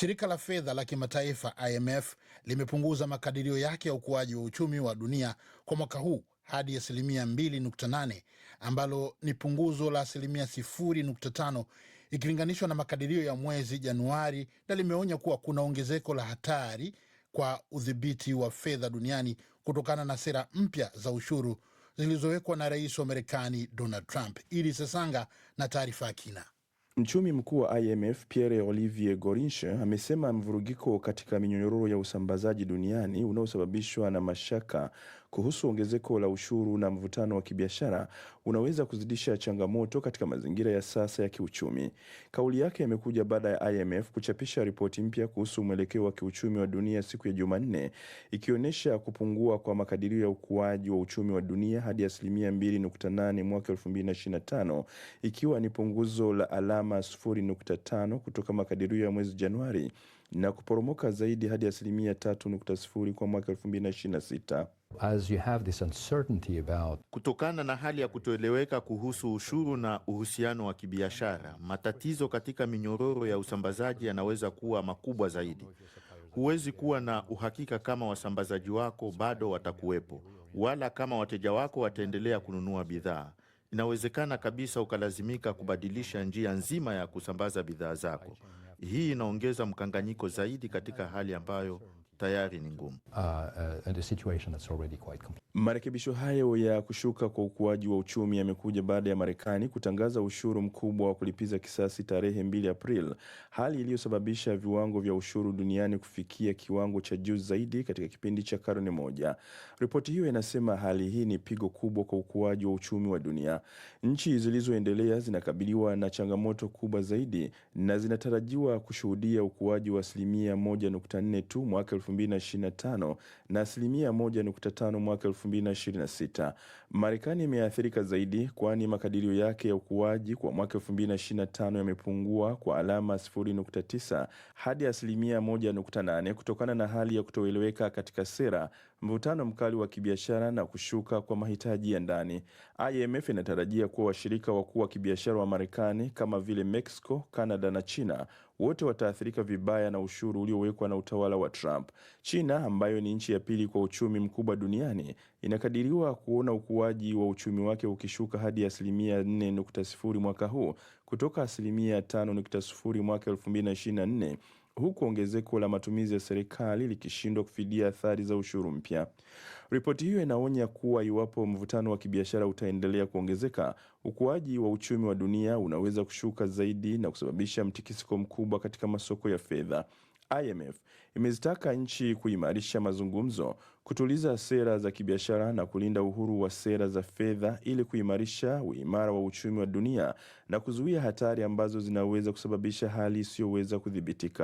Shirika la fedha la kimataifa IMF limepunguza makadirio yake ya ukuaji wa uchumi wa dunia kwa mwaka huu hadi asilimia 2.8 ambalo ni punguzo la asilimia 0.5 ikilinganishwa na makadirio ya mwezi Januari, na limeonya kuwa kuna ongezeko la hatari kwa udhibiti wa fedha duniani kutokana na sera mpya za ushuru zilizowekwa na rais wa Marekani Donald Trump. Ili Sasanga na taarifa ya kina. Mchumi mkuu wa IMF Pierre Olivier Gorinche amesema mvurugiko katika minyororo ya usambazaji duniani unaosababishwa na mashaka kuhusu ongezeko la ushuru na mvutano wa kibiashara unaweza kuzidisha changamoto katika mazingira ya sasa ya kiuchumi. Kauli yake imekuja baada ya IMF kuchapisha ripoti mpya kuhusu mwelekeo wa kiuchumi wa dunia siku ya Jumanne, ikionyesha kupungua kwa makadirio ya ukuaji wa uchumi wa dunia hadi asilimia 2.8 mwaka 2025, ikiwa ni punguzo la alama 0.5 kutoka makadirio ya mwezi Januari na kuporomoka zaidi hadi asilimia 3.0 kwa mwaka 2026. As you have this uncertainty about... Kutokana na hali ya kutoeleweka kuhusu ushuru na uhusiano wa kibiashara, matatizo katika minyororo ya usambazaji yanaweza kuwa makubwa zaidi. Huwezi kuwa na uhakika kama wasambazaji wako bado watakuwepo wala kama wateja wako wataendelea kununua bidhaa. Inawezekana kabisa ukalazimika kubadilisha njia nzima ya kusambaza bidhaa zako. Hii inaongeza mkanganyiko zaidi katika hali ambayo tayari ni ngumu. Uh, uh, marekebisho hayo ya kushuka kwa ukuaji wa uchumi yamekuja baada ya Marekani kutangaza ushuru mkubwa wa kulipiza kisasi tarehe 2 Aprili, hali iliyosababisha viwango vya ushuru duniani kufikia kiwango cha juu zaidi katika kipindi cha karne moja. Ripoti hiyo inasema hali hii ni pigo kubwa kwa ukuaji wa uchumi wa dunia. Nchi zilizoendelea zinakabiliwa na changamoto kubwa zaidi na zinatarajiwa kushuhudia ukuaji wa asilimia 1.4 tu mwaka elfu 2025 na asilimia 1.5 mwaka 2026. Marekani imeathirika zaidi, kwani makadirio yake ya ukuaji kwa mwaka 2025 yamepungua kwa alama 0.9 hadi asilimia 1.8 kutokana na hali ya kutoeleweka katika sera mvutano mkali wa kibiashara na kushuka kwa mahitaji ya ndani. IMF inatarajia kuwa washirika wakuu wa kibiashara wa Marekani kama vile Mexico, Canada na China wote wataathirika vibaya na ushuru uliowekwa na utawala wa Trump. China ambayo ni nchi ya pili kwa uchumi mkubwa duniani inakadiriwa kuona ukuaji wa uchumi wake ukishuka hadi asilimia 4.0 mwaka huu kutoka asilimia 5.0 mwaka 2024 huku ongezeko la matumizi ya serikali likishindwa kufidia athari za ushuru mpya. Ripoti hiyo inaonya kuwa iwapo mvutano wa kibiashara utaendelea kuongezeka, ukuaji wa uchumi wa dunia unaweza kushuka zaidi na kusababisha mtikisiko mkubwa katika masoko ya fedha. IMF imezitaka nchi kuimarisha mazungumzo, kutuliza sera za kibiashara na kulinda uhuru wa sera za fedha ili kuimarisha uimara wa uchumi wa dunia na kuzuia hatari ambazo zinaweza kusababisha hali isiyoweza kudhibitika.